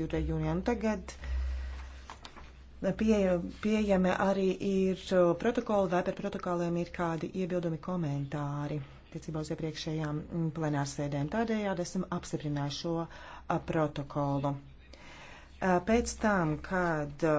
jūra jūnijā. Un tagad pieeja, pieejami arī ir protokoli, vai par protokoliem ir kādi iebildumi komentāri tiecībā uz iepriekšējām plenārsēdēm. Tādējādi esam apstiprinājuši šo protokolu. Pēc tam, kad